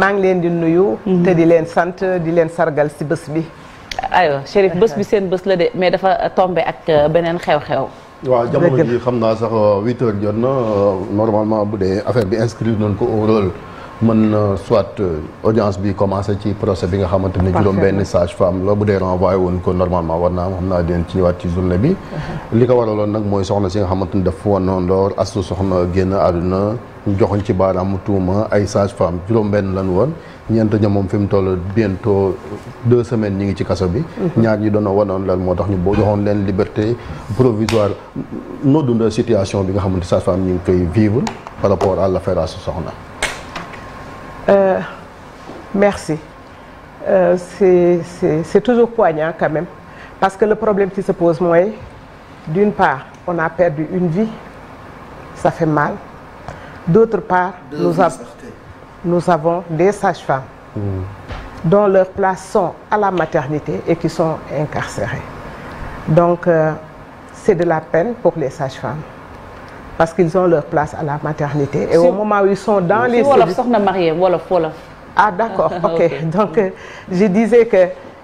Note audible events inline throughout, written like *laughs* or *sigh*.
maa ngi leen di nuyu. Mhm. te di leen sant di leen sargal si bés bi. aywa Chérif bës bi seen bës la de mais dafa tombe ak euh, beneen xew-xew. waaw jamono ji xam naa sax euh, huit heures jot na euh, normalement bu dee affaire bi inscrire nañ ko au mën na soit euh, audience bi commencé ci procès bi nga xamante ni juróom benn sage femme la bu dee ko normalement war naa am xam naa dinañ ci ñëwaat ci journée bi uh-huh. li ko waraloon nag mooy soxna si nga xamante ni daf wanoon loor astu soxna génn àdduna ñu joxoñ ci baaraamu tuuma ay sage femme juróom benn lan woon ñeent ña moom fi mu toll bientôt deux semaines ñi ngi ci kaso bi uh-huh. ñaar ñi doona wanoon lan moo tax ñu boo joxoon leen liberté provisoire noo dunda situation bi nga xamante sage femme ñi ngi koy vivre par rapport à l'affaire Astou Sokhna Euh, merci. Euh, C'est toujours poignant quand même. Parce que le problème qui se pose, moi, d'une part, on a perdu une vie, ça fait mal. D'autre part, nous, avons des sages-femmes mmh. dont leurs places sont à la maternité et qui sont incarcérées. Donc, euh, c'est de la peine pour les sages-femmes. parce qu'ils ont leur place à la maternité. et au moment où son sont dans les. wolof soxna marié wolof wolof. ah d'accord *laughs* ah, ok, okay. donc euh, je disais que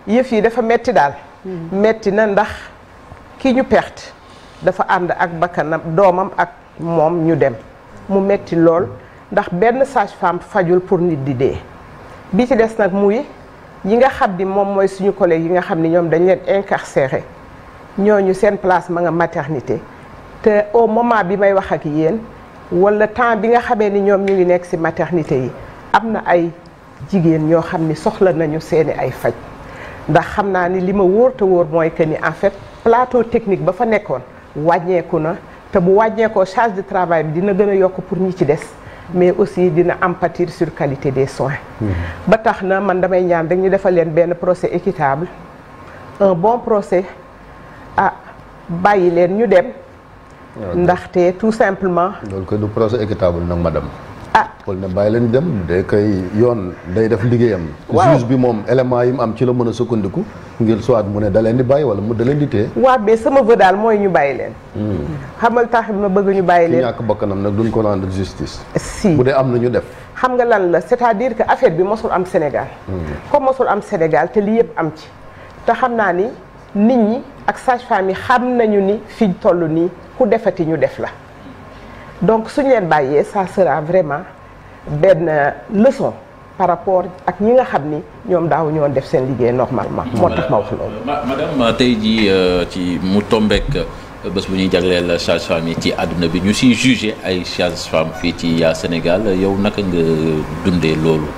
yëf yi dafa metti daal. Hmm. metti na ndax ki ñu perte dafa ànd ak bakkanam doomam ak moom ñu dem mu metti lool ndax benn sage-femme fajul pour nit di dee bi ci des nag muy ñi nga xam ni moom mooy suñu collègue yi nga xam ni ñoom dañ leen incarcéré ñooñu seen place ma nga maternité. te au moment bi may wax ak yéen walla temps bi nga xamee ni ñoom ñu ngi nekk ci maternité yi am na ay jigéen ñoo xam ni soxla nañu seeni ay faj ndax xam naa ni li ma wóor te wóor mooy que ni en fait plateau technique ba fa nekkoon wàññeeku na te bu wàññeekoo charge de travail bi dina gën a yokk pour ñi ci des mais aussi dina am pâtir sur qualité des soins mm-hmm. ba tax na man damay ñaan rek ñu defal leen benn procès équitable un bon procès ah bàyyi leen ñu dem ndaxte tout simplement. loolu koy du procès équitable nag madame. ah xool ne bàyyi leen dem day koy yoon day def liggéeyam. juge bi moom élément yi mu am ci la mën a sukkandiku ngir soit mu da leen di bàyyi wala mu da leen di téye. sama vœu daal mooy ñu bàyyi leen. Hmm. xamal tax ma bëgg ñu bàyyi leen. ñàkk bakkanam nag duñ ko rendre justice. si bu dee am na ñu def. xam nga lan la c'est-à-dire que affaire bi mosul am Sénégal. Hmm. comme mosul am Sénégal te li yëpp am ci. te xam naa ni nit ñi ak sage-femme yi xam nañu ni fii toll nii. ku defati ñu def la donc suñu leen bàyyee ça sera vraiment benn euh, leçon par rapport ak ñi nga xam ni ñoom daaw ñoon def seen liggéey normalement moo tax ma wax loolu madame tey jii euh, ci mu tombeek euh, bés bu ñuy jagleel sages-femmes yi ci àdduna bi ñu siy jugé ay sages fii ci Sénégal yow naka nga dundee loolu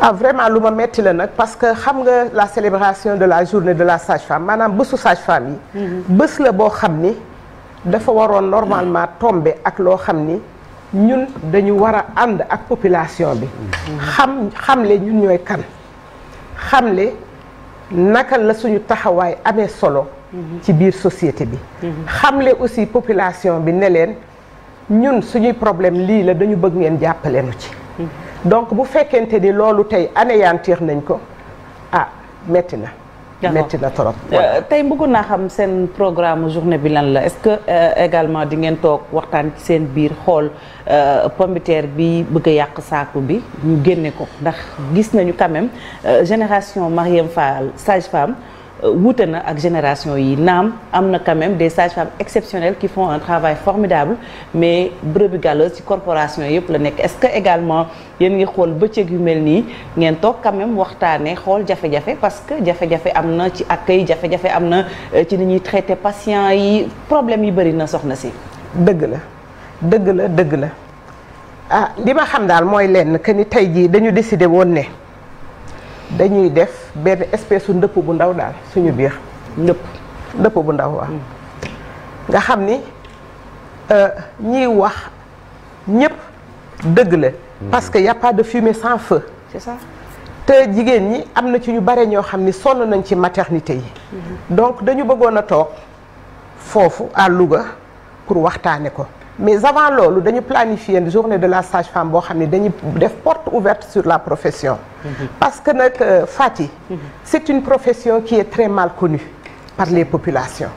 ah vraiment lu ma metti la nag parce que xam nga la célébration de la journée de la sage-femme maanaam bésu sage-femme yi mm-hmm. bés la boo xam ni dafa waroon normalement tombe ak loo xam ni ñun dañu war a ànd ak population bi xam xamle ñun ñooy kan xamle naka la suñu taxawaay amee solo ci biir société bi xamle aussi population bi ne leen ñun suñuy problème lii la dañu bëgg ngeen jàppaleenu ci donc bu fekkente ni loolu tey anéantir nañ ko ah metti na métti na trop. Euh, tey bëggoon naa xam seen programme journée bi lan la est-ce que euh, également di ngeen toog waxtaan ci seen biir xool euh, pombiteer bi bëgg a yàq saaku bi ñu génne ko ndax gis nañu quand même génération Marième Fall sage-femme. Euh, wuute na ak génération yi naam am na quand même des sages-femmes exceptionnelles qui font un travail formidable mais brebis galeuse ci corporation yëpp la nekk est-ce que également yéen ngi xool bëccëg yu mel nii ngeen toog quand même waxtaanee xool jafe-jafe parce que jafe-jafe am na ci accueil jafe-jafe am na euh, ci ni ñuy traiter patient yi problème yi bëri na soxna si. dëgg la dëgg la dëgg la ah li ma xam daal mooy lenn que ni tey jii dañu décider woon ne. dañuy def benn espèce su ndëpp bu ndaw daal suñu biir. ndëpp ndëpp bu ndaw waaw. Mm. nga xam ni euh, ñiy wax ñëpp dëgg la. Mm. parce que y de fumée sans feu. te jigéen ñi am na ci ñu bare ñoo xam ni sonn nañ ci maternité yi. Mm-hmm. donc dañu bëggoon a toog foofu à Louga pour waxtaane ko. mais avant loolu dañu planifier une journée de la sage femme boo xam ne dañu def porte ouverte sur la profession parce que nag euh, Fati c'est une profession qui est très mal connue par les populations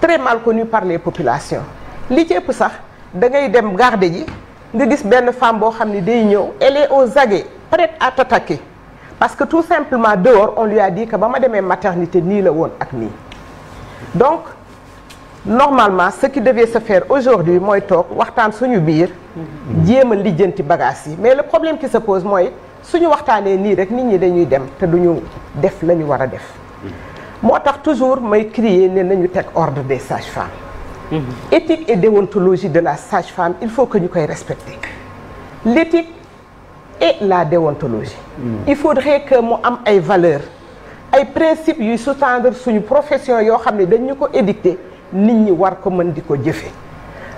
très mal connue par les populations li ci ëpp sax da ngay dem garde ji nga gis benn femme boo xam ne day ñëw elle est aux aguets prête à t'attaquer parce que tout simplement dehors on lui a dit que ba ma demee maternité nii la woon ak nii donc normalement ce qui devait se faire aujourd'hui mooy toog waxtaan suñu biir jéem a lijjanti bagages yi mais le problème qui se pose mooy suñu waxtaanee nii rek nit ñi dañuy dem te duñu def la ñu war a def moo tax toujours may crier ne nañu teg ordre des sages-femmes mmh. éthique et déontologie de la sage-femme il faut que ñu koy respecter l'éthique et la déontologie mmh. il faudrait que mu am ay valeurs ay principes yuy sous suñu profession yoo xam ne dañu ko édicter nit ñi war ko mën di ko jëfe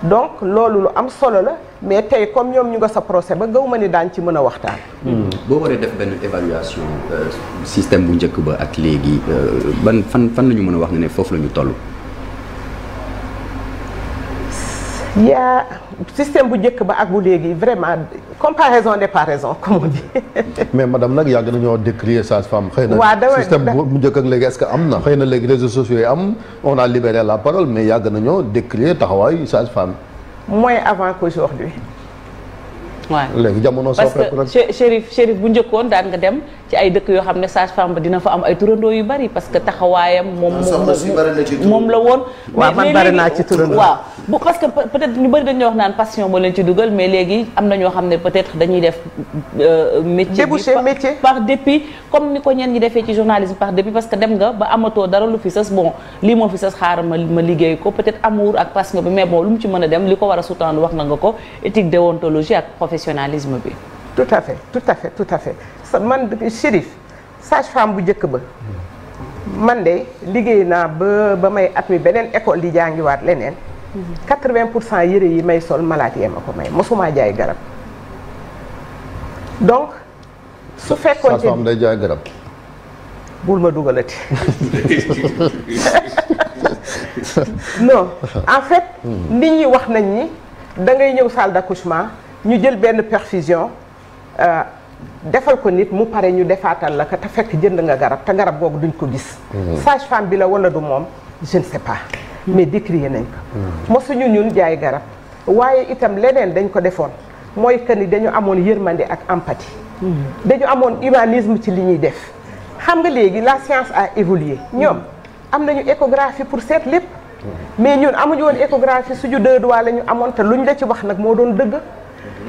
donc loolu lu am solo la mais tey comme ñoom ñu nga sa procès ba gaw ma ni daan ci mën a waxtaan. Hmm. boo waree def benn évaluation euh, système bu njëkk ba ak léegi euh, ban fan fan la ñu mën a wax na ne foofu la ñu toll. yaa système bu njëkk ba ak bu léegi vraiment comparaison n'est pas raison comme on dit. *laughs* mais madame nag yàgg nañoo décrier sage-femme. xëy na système bu njëkk ak léegi est-ce que am na. xëy na léegi réseaux sociaux yi am on a libéré la parole mais yàgg nañoo décrier taxawaayu sage-femme. moins avant qu'aujourd'hui waaw léegi jamono soppeeku nag parce que bu njëkkoon daan nga dem ci ay dëkk yoo xam ne sage-femme ba dina fa am ay turandoo yu bari parce que taxawaayam. moom ah, moom la woon. waaw man bari naa ci turandoo waaw bu parce que léegi am na ñoo xam ne peut-être dañuy def. Euh, métier bi par dépit comme ni ko ñenn ñi defee ci journalisme par dépit parce que dem nga ba amatoo dara lu fi sës bon lii moo fi sës xaaral ma ma liggéey ko peut-être amour ak passion bi mais bon lu mu ci mën a dem li ko war a sutand wax na professionnalisme bi. tout à fait tout à fait tout à fait man Chérif sage-femme bu njëkk ba man de liggéey naa ba ba may at mi beneen école di jàngiwaat leneen. 80 pour cent yëre yi may sol malaat yee ma ko may mosuma jaay garab donc. su fekkoon te sage-femme day jaay garab. bul ma dugalati. *laughs* non en fait. nit ñi wax nañ ni da ngay ñëw salle d'accouchement. ñu jël benn perfusion euh, defal ko nit mu pare ñu defaatal la ko te fekk jënd nga garab te garab googu duñ ko gis. Mm-hmm. sage femme bi la wala du moom je ne sais pas. Mm-hmm. mais décrier nañ ko. Mm-hmm. suñu ñun jaay garab. waaye itam leneen dañ ko defoon mooy que ni dañu amoon yërmande ak empathie. dañu amoon humanisme ci li ñuy def. xam nga léegi la science à évolué. ñoom am nañu échographie pour seet lépp. mais ñun amuñu woon échographie suñu deux doigts la ñu amoon te luñ la ci wax nag moo doon dëgg.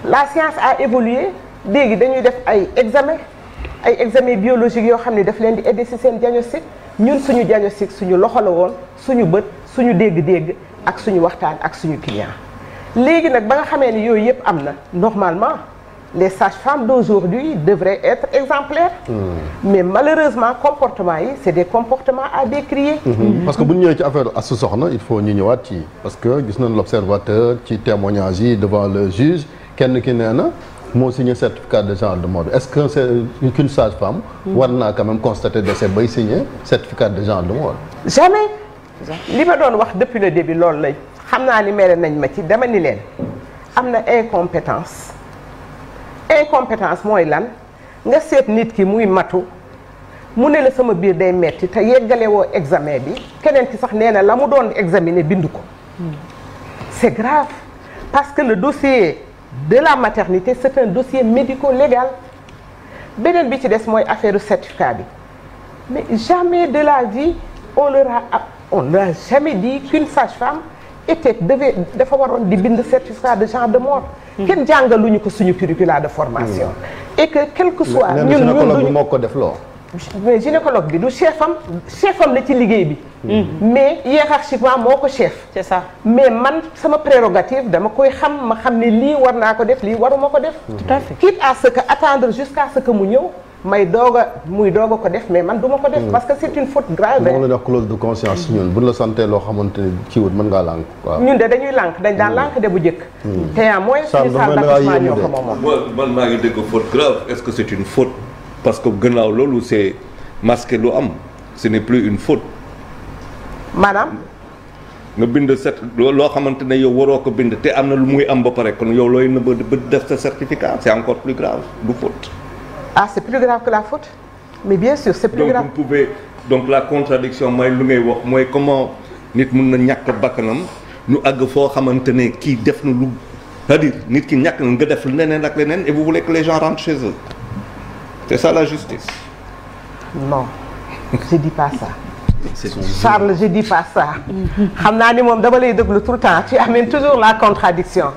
la science a évolué léegi dañuy def ay examen ay examen biologique yoo xam ne daf leen di aider ci seen diagnostic ñun suñu diagnostic suñu loxo la woon suñu bët suñu dégg-dégg ak suñu waxtaan ak suñu client léegi nag ba nga xamee ni yooyu yëpp am na normalement les sages-femmes d'aujourd'hui devraient être exemplaires. Mmh. mais malheureusement comportement yi c'est des comportement à décrier. Mmh. Mmh. parce que bu ñu ñëwee ci affaire asu soxna il faut ñu ñëwaat ci parce que gis nañ l'observateur ci témoignage yi devant le juge. kenn ki nee na moo signé certificat de genre de mort bi est-ce que c'est qu'une sage-femme war naa quand même constater décès bay signé certificat de genre de mort jamais li ma doon wax depuis le bi loolu lay xam naa ni mere nañ ma ci dama ni leen am na incompétence incompétence mooy lan nga seet nit ki muy matu mu ne la sama biir day metti te yeggale woo examen bi keneen ki sax nee na la mu doon examiner bind ko hmm. c'est grave parce que le dossier de la maternité c'est un dossier médico-légal beneen bi ci des mooy affaire certificat bi mais jamais de la vie on leur a on leur a jamais dit qu'une sage-femme était devait dafa waroon di bind certificat de genre de mort. Hmm. kenn jàngaluñu ko suñu curricula de formation. Hmm. et que quel que soit ñun ñun moo ko def loo mais gynécologue bi du chef am chef am la ci liggéey bi. Hmm. mais hiérarchiquement moo ko chef. c'est ça mais man sama prérogative dama koy xam ma xam ne lii war naa ko def lii waruma ko def. tout à fait quitte à que attendre jusqu'à mu ñëw. may doog muy doog ko def mais man duma ko def. Hmm. parce que c'est une faute grave. moom la ñu wax clause de conscience ñun bu la santee loo xamante ni kii wut mën ngaa lànk. ñun de dañuy lànk dañ daan hmm. lànk de bu njëkk. te en moyen suñu salle parce que gannaaw loolu c'est masqué lu am ce n'est plus une faute. maanaam. nga bind set loo xamante ne yow waroo ko bind te am na lu muy am ba pare kon yow looy nëbb ba def sa certificat c'est encore plus grave du faute. ah c'est plus grave que la faute mais bien sûr c'est plus donc, grave donc la contradiction mooy lu ngay wax mooy comment nit mun na ñàkk bakkanam ñu àgg foo xamante ne kii def na lu cest nit ki ñàkk na nga def leneen ak leneen et vous voulez les gens rentrent c'est ça la justice. non je dis pas ça. Charles je dis pas ça. xam naa ni moom dama lay déglu tout le temps tu amènes toujours la contradiction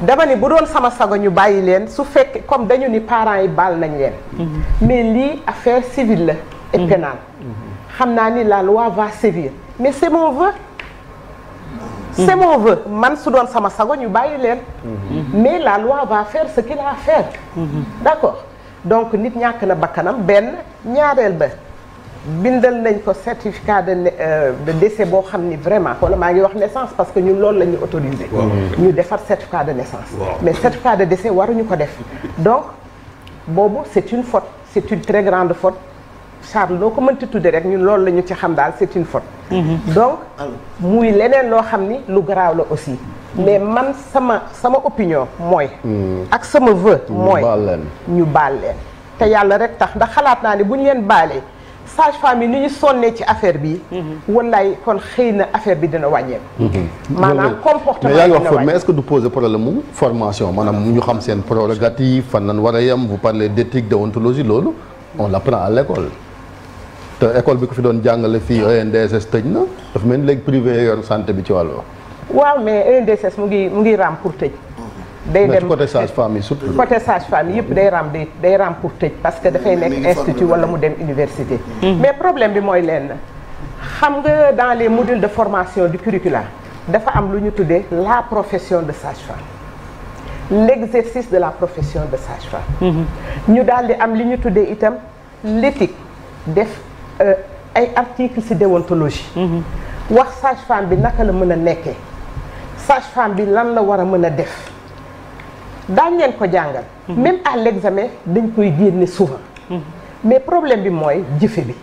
dama ni bu doon sama sago ñu bàyyi leen su fekkee comme dañu ni parents yi baal nañ leen. mais lii affaire civile la. et pénale. xam naa ni la loi va sévir mais c'est mon vœu. c'est man su doon sama sago ñu bàyyi leen. Mhm. mais la va faire ce qu'il a à faire. Mhm. d'accord. donc nit ñàkk na bakkanam benn ñaareel ba bindal nañ ko certificat de euh, de décès boo xam ni vraiment wala maa ngi wax naissance parce que ñun loolu lañu ñu autorisé ñu defar certificat de naissance mais certificat de décès ñu ko def donc boobu c'est une faute c'est une très grande faute Charles loo ko mënti tudde rek ñun loolu la ñu ci xam daal c'est une faute mm-hmm. donc muy leneen loo xam ni lu garaaw la aussi mais man sama sama opinion mooy. Hmm. ak sama vœu. mooy ñu baal leen te yàlla rek tax ndax xalaat naa ne bu ñu leen baalee sage femme yi ni ñu sonnee ci affaire bi. Mhm. wallaay kon xëy na affaire bi dina wàññeeku. Mhm. maanaam comportement mais yaa ngi wax mais est-ce que du poser problème mu formation maanaam ñu xam seen prérogative fan nan war a yem vous parlez d'éthique loolu on l'apprend à l'école. te école bi ko fi doon jàngale fii ENDSS tëj na dafa mel ni léegi privé yor santé bi ci wàllu. waaw mais ENDSS mu ngi mu ngi raam pour tëj. day dem côté sage femme yi surtout. côté sage femme yëpp day raam day day raam pour tëj parce que dafay nekk institut wala mu dem université. Mm-hmm. mais problème bi mooy lenn xam nga dans les modules de formation du curriculum dafa am lu ñu tuddee la profession de sage femme l' exercice de la profession de sage femme. Mm-hmm. ñu daal di am li ñu tuddee itam l' def euh, ay articles ci déontologie. Mm-hmm. wax sage femme bi naka la mën a nekkee. sage femme bi lan la war a mën a def daañ leen ko jàngal mhm. même à l'examen dañ koy génne souvent mhm. mais problème bi mooy jëfe bi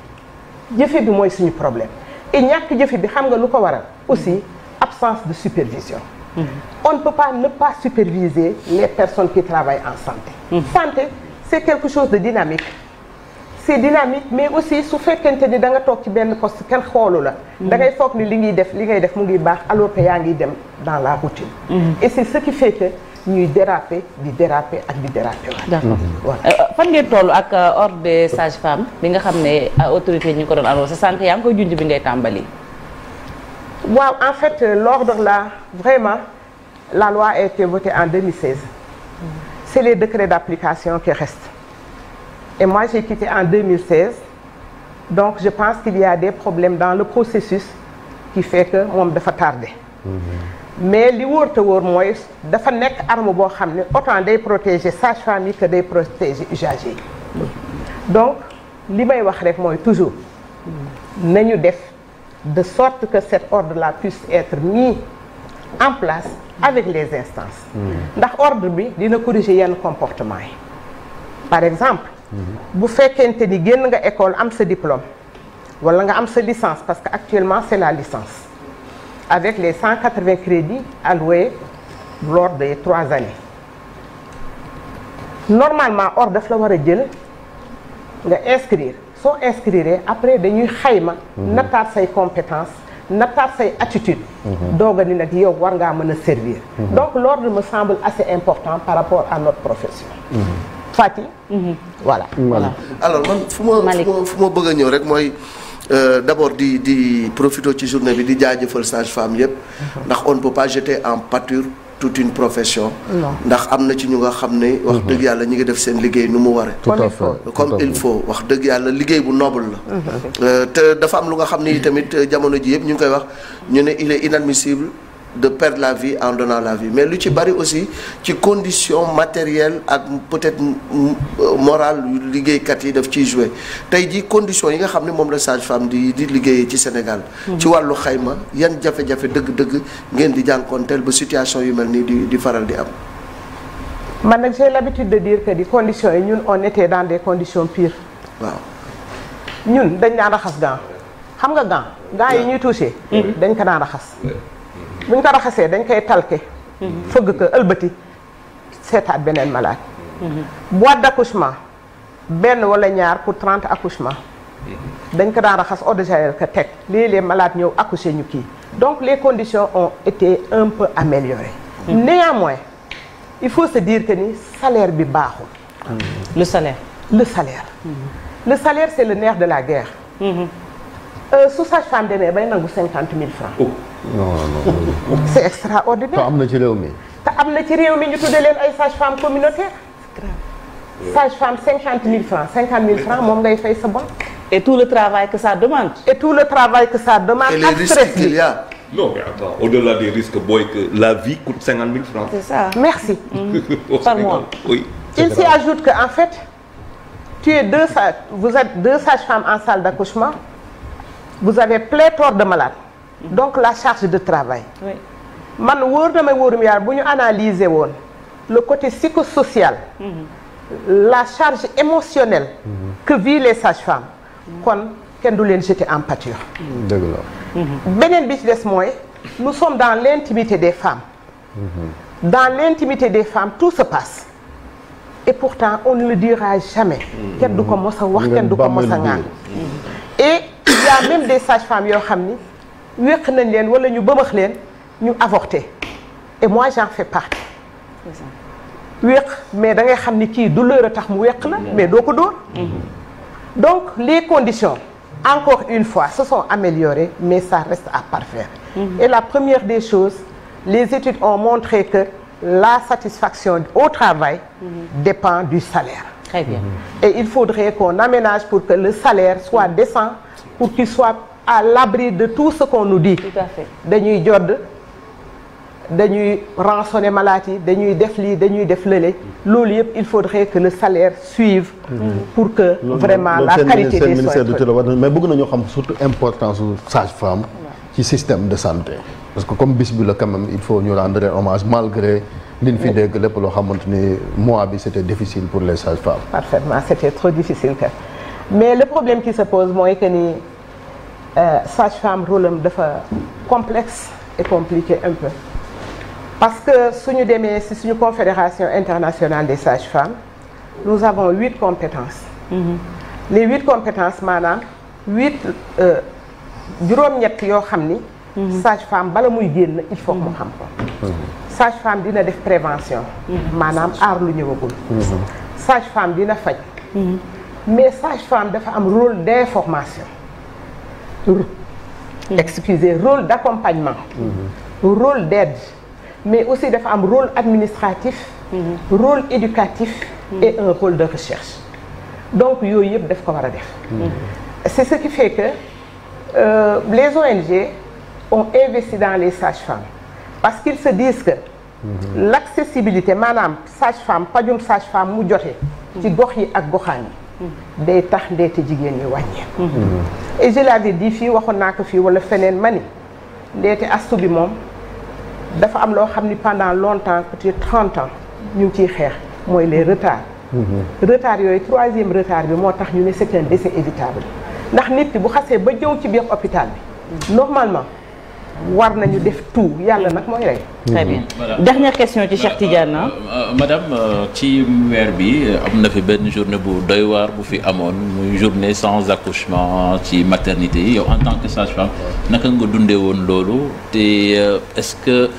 jëfe bi mooy suñu problème et ñàkk jëfe bi xam nga lu ko waral aussi mhm. absence de supervision Mmh. On ne peut pas ne pas superviser les personnes qui travaillent en santé. Mmh. Santé, c'est quelque chose de dynamique. c'est dynamique mais aussi su fekkente ni da nga toog ci benn poste kenn xoolu la. Mm. da ngay foog ni li ngiy def li ngay def mu ngi baax alors que yaa ngi dem dans la routine. Mm. et c'est ce qui fait que ñuy déraper di déraper ak di déraper waaw. Mm-hmm. Euh, euh, ngeen toll ak euh, ordre des bi nga xam ne autorité yi ko doon allo sa yaa ngi koy junj bi ngay tàmbali. waaw en fait l'ordre la vraiment la loi a été votée en 2016. Mm. c'est les décrets d'application qui restent. Et moi, j'ai quitté en 2016. Donc, je pense qu'il y a des problème dans le processus qui fait que moom dafa tardé. Mm-hmm. mais li wóor te wóor mooy dafa nekk arme boo xam ne autant day protéger sage-femme yi que day protéger usager yi. donc li may wax rek mooy toujours nañu def de sorte que cet ordre-là puisse être mis en place avec les instances. Mm-hmm. ndax ordre bi dina corriger yenn comportement yi par exemple. bu fekkente ni génn nga école am sa diplôme wala nga am sa licence parce que actuellement c'est la licence avec les 180 crédits alloués lors des trois années normalement or daf la war a jël nga inscrire soo inscrire après dañuy xayma mhm. nataat say compétence nataat say attitude mhm. dooga ni nag yow war ngaa mën a servir mhm. donc l'ordre ma semble assez important par rapport à notre profession mm Fati. Mhm. voilà voilà. alors man fu ma fu ma bëgg a ñëw rek mooy euh, d'abord di di profité ci journée bi di jaajëfal sage-femme yëpp. Mhm. ndax on ne pas jeter en pâture toute une profession. ndax am na ci ñu nga xam ne. wax mhm. dëgg yàlla ñu ngi def seen liggéey nu mu waree. comme il faut wax dëgg yàlla liggéey bu noble la. Euh, te dafa am lu nga xam ne tamit euh, jamono ji yëpp ñu ngi koy wax ñu ne il est inadmissible. de per la vie en donnant la vie mais lu ci bari aussi ci condition matérielle ak peut-être euh, morale liggéeykat yi def ci jouer tey jii condition yi nga xam ne moom la sage-femme di di liggéeyee ci Sénégal hmm. ci wàllu xayma yan jafe-jafe dëgg-dëgg ngeen di jànkoonteel ba situation yu mel nii di di faral di am man nag j'ai l'habitude de dire que di conditions yi ñun on était dans des conditions piir waaw ñun dañ daan raxas gant xam nga gant gant yi ñuy touché mm-hmm. dañ ko daan raxas bu ñu ko raxasee dañ koy talke fëgg ko ëlbati seetaat beneen malaat mhm. boîte d'accouchement benn wala ñaar pour trente accouchement mhm. dañ ko daan raxas eau de javel ko teg lii les malaat ñëw accouché ñu kii donc les conditions ont été un peu améliorées mhm. néanmoins il faut se dire que ni salaire bi baaxul le salaire le salaire le salaire c'est le nerf de la guerre euh, su sage-femme demee bay nangu cinquante mille francs oh. non non non. *laughs* c' est extraordinaire. te na ci réew mi. te am na ci réew mi ñu tuddee leen ay sage femme communautaire. c' est grave. sage femme cinquante mille francs cinquante mille francs moom ngay fay sa bon. et tout le travail que ça demande. et tout le travail que ça demande. ak stress bi non au-delà des risques booy que la vie coûte cinquante mille francs. c'est merci. Mm-hmm. *laughs* mois oui. il s'y ajoute que en fait tu es deux sages vous êtes deux sages-femmes en salle d'accouchement vous avez pléthore de malades. donc la charge de travail man wóor na may wóorum yaar bu ñu analyser woon le côté sociale mhm. la charge émotionnelle mhm. que vivent les sages-femmes mhm. kon kenn du leen jeter en pâture dëgg la beneen bi ci des mooy nous sommes dans l'intimité des femmes dans l'intimité des femmes tout se passe et pourtant on ne le dira jamais kenn du ko mos a wax kenn du ko mos a ŋaan et il y a même femmes yoo xam ni wéq nañ leen wala ñu bëmax leen ñu avorté et moi j'en fais partie wéq mais da ngay xam ni kii douleur a tax mu wéq la mais doo ko dóor donc les conditions encore une fois se sont améliorées mais ça reste à parfaire mm-hmm. et la première des choses les études ont montré que la satisfaction au travail mm-hmm. dépend du salaire Très bien. Et il faudrait qu'on aménage pour que le salaire soit mm-hmm. décent, pour qu'il soit à de tout ce qu'on nous dit tout à fait dañuy jodd dañuy rançonner malade yi dañuy def lii dañuy def lële loolu yëpp il faudrait que le salaire suive pour que vraiment la qualité des soins mais bëgg nañoo xam surtout importance u sage-femme ci système de que comme bis bi la quand même ñu rendre hommage malgré liñ fi loo xamante ni mois bi c'était difficile pour les sages trop difficile mais le problème qui se pose mooy que ni Euh, sage-femme rôle dafa complexe et compliqué parce que suñu demee si suñu confédération internationale des sages-femmes nous avons huit compétences mhm. les huit compétences maanaam huit euh, juróom-ñett yoo xam ni mhm. sage-femme bala muy génn il faut mu mhm. xam ko sage dina def prévention maanaam aar lu ñëwagul sage-femme dina faj mais sage-femme dafa am rôle d'information Mm. excusez rôle d'accompagnement mm-hmm. rôle d'aide mais aussi dafa am rôle administratif mm-hmm. rôle éducatif mm-hmm. et un rôle de recherche donc yooyu yëpp daf ko war a def c'est ce qui fait que euh, les ONG on investi dans les sages-femmes parce qu'ils se disent que l'accessibilité maanaam sage-femme pajum sage-femme mu jotee ci gox yi ak goxaan yi day tax ndeete jigéen ñi wàññeeku. et je l'avais fii waxoon naa ko fii wala feneen ma ni ndeete astu bi moom dafa am loo xam ni pendant longtemps peut-être trente ans ñu ngi ciy xeex mooy les retards. Mhm. retard yooyu troisième retard bi moo tax ñu ne c'est un décès évitable ndax nit bu xasee ba jëw ci biir hôpital bi normalement. war nañu def tout yàlla nag mooy rey. très bien mmh. dernière question ci Cheikh Tidiane euh, euh, madame euh, ci weer bi am na fi benn journée bu doy waar bu fi amoon muy journée sans accouchement ci maternité yi yow en tant que sage-femme naka nga dundee woon loolu te est-ce que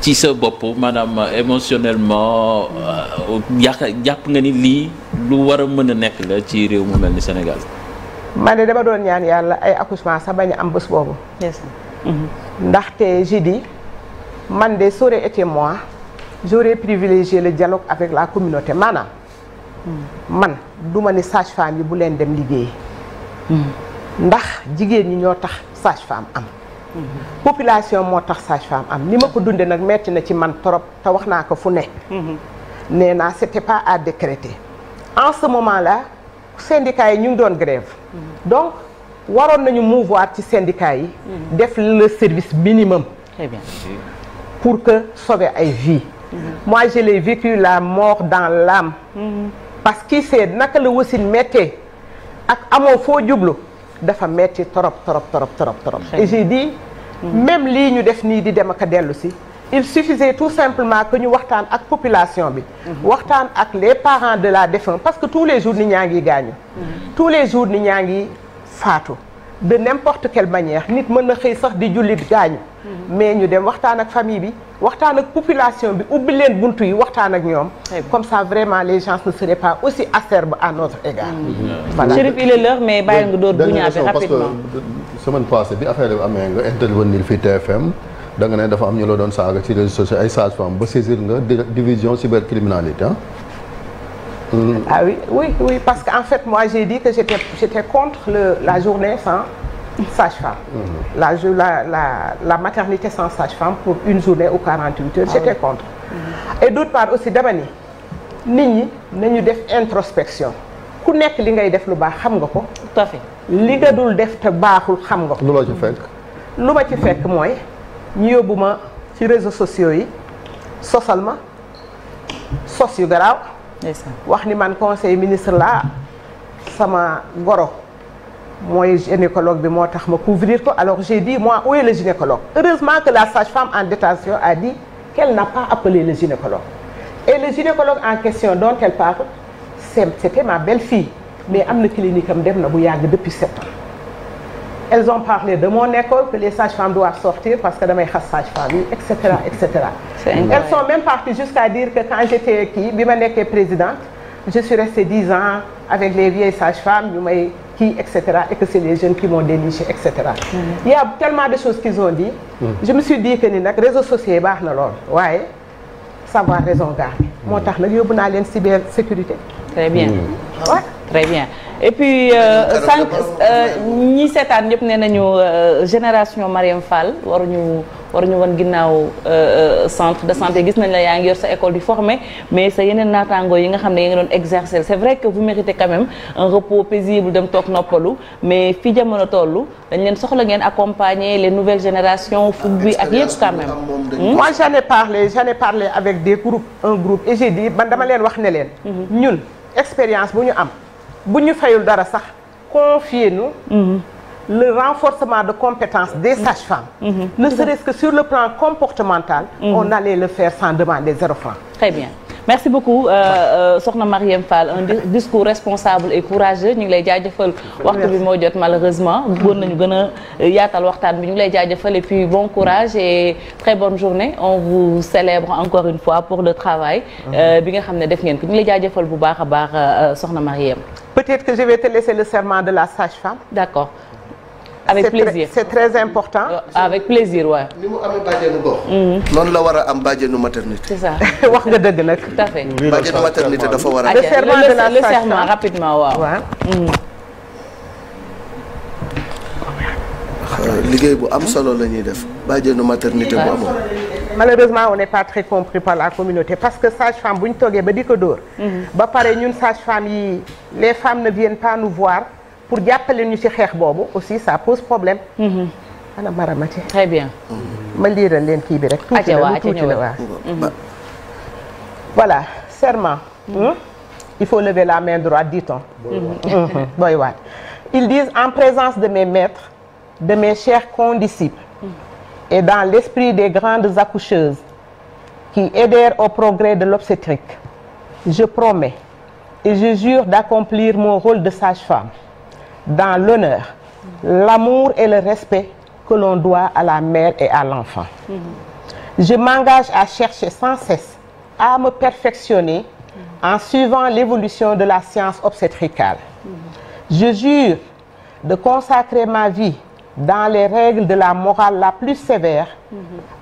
ci sa bopp maanaam émotionnellement yaakaar jàpp nga ni lii lu war a mën a nekk la ci réew mu mel ni Sénégal. man dama doon ñaan yàlla ay accouchement sax bañ a am bés boobu. ndaxte j'ai dit man de sore aurait été moi j'aurais privilégié le dialogue avec la communauté maanaam man du ma ni sage-femme yi bu leen dem liggéey ndax jigéen ñi ñoo tax sage am population moo tax sage am ni ma ko dundee nag metti na ci man trop te wax naa ko fu ne nee naa c'était pas à décréter en ce moment là syndicat yi ñu ngi doon grève donc waroon nañu mouvoir ci syndicat yi. Mm-hmm. def la service minimum. très bien pour que sauver ay vie mm-hmm. moi je l'ai vécu la mort dans lam mm-hmm. parce que c'est naka la wasin méttee ak amoo foo jublu dafa metti trop trop trop trop trop et j'ai dit même lii ñu def nii di dem ak a dellu si il suffisait tout simplement que ñu waxtaan ak population bi waxtaan ak les parents de la défunte parce que tous les jours ni ñaa ngi gaañu tous les jours nit ñaa ngi faatu de n'importe quelle manière nit mën na xëy sax di jullit gaañu mm-hmm. mais ñu dem waxtaan ak famille bi waxtaan ak population bi ubbi leen buntu yi waxtaan ak ñoom comme ça vraiment les gens ne seraient pas aussi acerbes à notre égard mm-hmm. voilà Chérif il est l'heure mais bàyyi nga door bu ñaa bi rapidement semaine passée bi affaire bi amee nga intervenir fii TFM nga ne dafa am ñu la doon saaga ci réseaux sociaux ay sage-femme ba saisir nga division cybercriminalité ah. Mm-hmm. Ah oui, oui, oui, parce qu'en fait, moi, di dit que j'étais contre le, la journée sans sage-femme. Mm-hmm. la jour la, la, la, maternité sans sage-femme pour une journée ou 48 heures, ah j'étais oui. contre. Mm Et d'autre part aussi, dama ni nit ñi nañu def introspection ku nekk li ngay def lu baax xam nga ko. tout à fait li nga dul def te baaxul xam nga ko. lu lu ma ci fekk mooy ñu yóbbu ma ci réseau sociaux yi sosal ma sos yu garaaw. wax ni man conseil ministre la sama goro mooy gynécologue bi moo tax ma couvrir ko alors j'ai dit moi où est le gynécologue heureusement que la sage-femme en détention a dit qu'elle n'a pas appelé le gynécologue et le gynécologue en question dont elle parle c'était ma belle-fille mais am na clinique am dem na bu yàgg depuis sept ans elles ont parlé de mon école que les sages-femmes doivent sortir parce que damay xas sage-femme yi et cetera et cetera. elles sont même parties jusqu'à dire que quand j'étais kii bi ma nekkee présidente je suis restée dix ans avec les vieilles sages-femmes bi may kii et cetera et que c'est les jeunes qui m'ont déniché et cetera. il y a tellement de choses qu'ils ont dit. Mm. je me suis dit que ni nag réseaux sociaux yi baax na lool waaye savoir raison garder. moo mm. tax nag yóbbu naa leen cybersécurité. très bien. Ouais. très bien et puis euh, sànq euh, ñi seetaan ñëpp nee nañu euh, génération Mariam Fall waruñu waruñu woon ginnaaw centre de santé gis nañ la yaa ngi yor sa école di formé mais sa yeneen naataangoo yi nga xam ne yi ngi doon exercer c'est vrai que vous méritez quand même un repos paisible dem toog noppalu mais fi jamono toll dañ leen soxla ngeen accompagner les nouvelles génération fukk bi ak yëpp quand même moi j'en ai parlé j'en ai parlé avec des groupes un groupe dama leen wax ne leen mhm. ñun expérience bu ñu am bu ñu fayul dara sax confier nu mhm. le renforcement de compétences des mhm. sages-femmes. Mhm. ne serait-ce que sur le plan comportemental. on allait le faire sans demander zéro franc. très bien. merci beaucoup euh, euh, soxna Marième Fall un discours responsable et courageux ñu ngi lay jaajëfal waxtu bi moo jot malheureusement bëggoon nañu gën a euh, yaatal waxtaan bi ñu ngi lay jaajëfal et puis bon courage et très bonne journée on vous célèbre encore une fois pour le travail bi nga xam ne def ngeen ko ñu lay jaajëfal bu baax a baax soxna Marième peut-être que je vais te laisser le serment de la sage-femme d'accord avec plaisir c'est très important. avec plaisir ni mu amee bàjjenu gox. Mhm. noonu la war a am bàjjenu maternité. *laughs* wax nga dëgg nag. tout à maternité dafa war a. le serment mhm. euh, liggéey bu am solo la ñuy def bàjjenu maternité bu amoon. malheureusement on n'est pas très compris par la communauté parce que sage-femme bu ñu toogee ba di dóor. Mhm. ba pare ñun sage yi les femmes ne viennent pas nous voir. pour jàppale ñu ci xeex boobu aussi ça pose problème. Mhm. ana maramati. très bien. ma liiral leen kii bi rek. tuuti la lu tuuti la mhm. mhm. hmm? il faut lever la main droite dit-on. ils disent en présence de mes maîtres de mes chers condisciples. et dans l'esprit des grandes accoucheuses qui aidèrent au progrès de l'obstétrique je promets et je jure d'accomplir mon rôle de sage-femme dans l'honneur, l'amour et le respect que l'on doit à la mère et à l'enfant. Mhm. Je m'engage à chercher sans cesse à me perfectionner mhm. en suivant l'évolution de la science obstétricale. Mhm. Je jure de consacrer ma vie dans les règles de la morale la plus sévère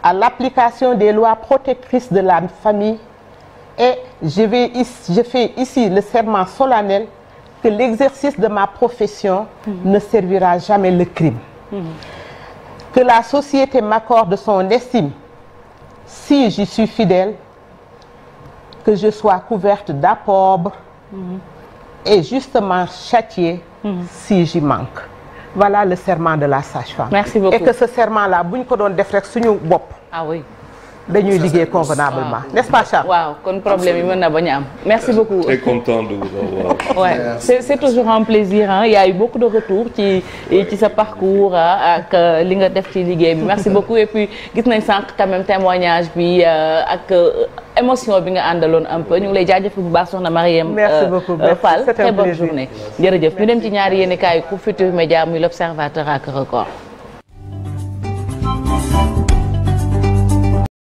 à l'application des lois protectrices de la famille et je vais je fais ici le serment solennel que l'exercice de ma profession mm-hmm. ne servira jamais le crime. Mm-hmm. Que la société m'accorde son estime, si j'y suis fidèle, que je sois couverte d'approbre mm-hmm. et justement châtiée si j'y manque. voilà le serment de la sage-femme. merci beaucoup et que ce serment là bu ñu ko doon def rek suñu bopp. ah oui. dañuy liggéey convenablement n'est-ce pas waaw kon problème yi mën na bañ a am merci beaucoup très content de vous avoir *laughs* ouais. c'est c'est toujours un plaisir hein beaucoup de retours ci ci sa parcours ak euh, li nga def ci liggéey bi merci beaucoup et puis gis nañ sànq quand même témoignage bi euh, ak euh, émotion bi nga àndaloon un peu ñu ngi lay jaajëfal bu baax soxna Mariem merci beaucoup Fall très bonne journée jërëjëf ñu dem ci ñaari yéenekaay ku Futurs Médias muy l'Observateur ak Record